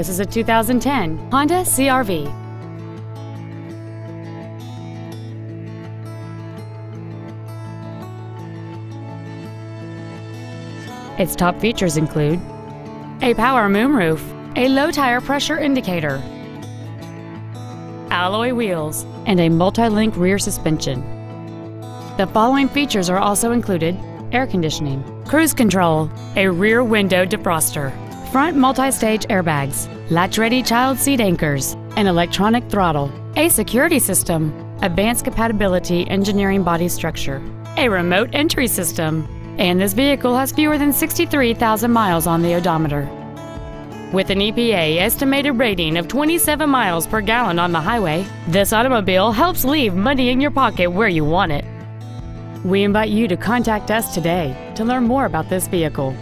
This is a 2010 Honda CRV. Its top features include a power moonroof, a low tire pressure indicator, alloy wheels, and a multi-link rear suspension. The following features are also included air conditioning, cruise control, a rear window defroster, front multi-stage airbags, latch-ready child seat anchors, an electronic throttle, a security system, advanced compatibility engineering body structure, a remote entry system, and this vehicle has fewer than 63,000 miles on the odometer. With an EPA estimated rating of 27 miles per gallon on the highway, this automobile helps leave money in your pocket where you want it. We invite you to contact us today to learn more about this vehicle.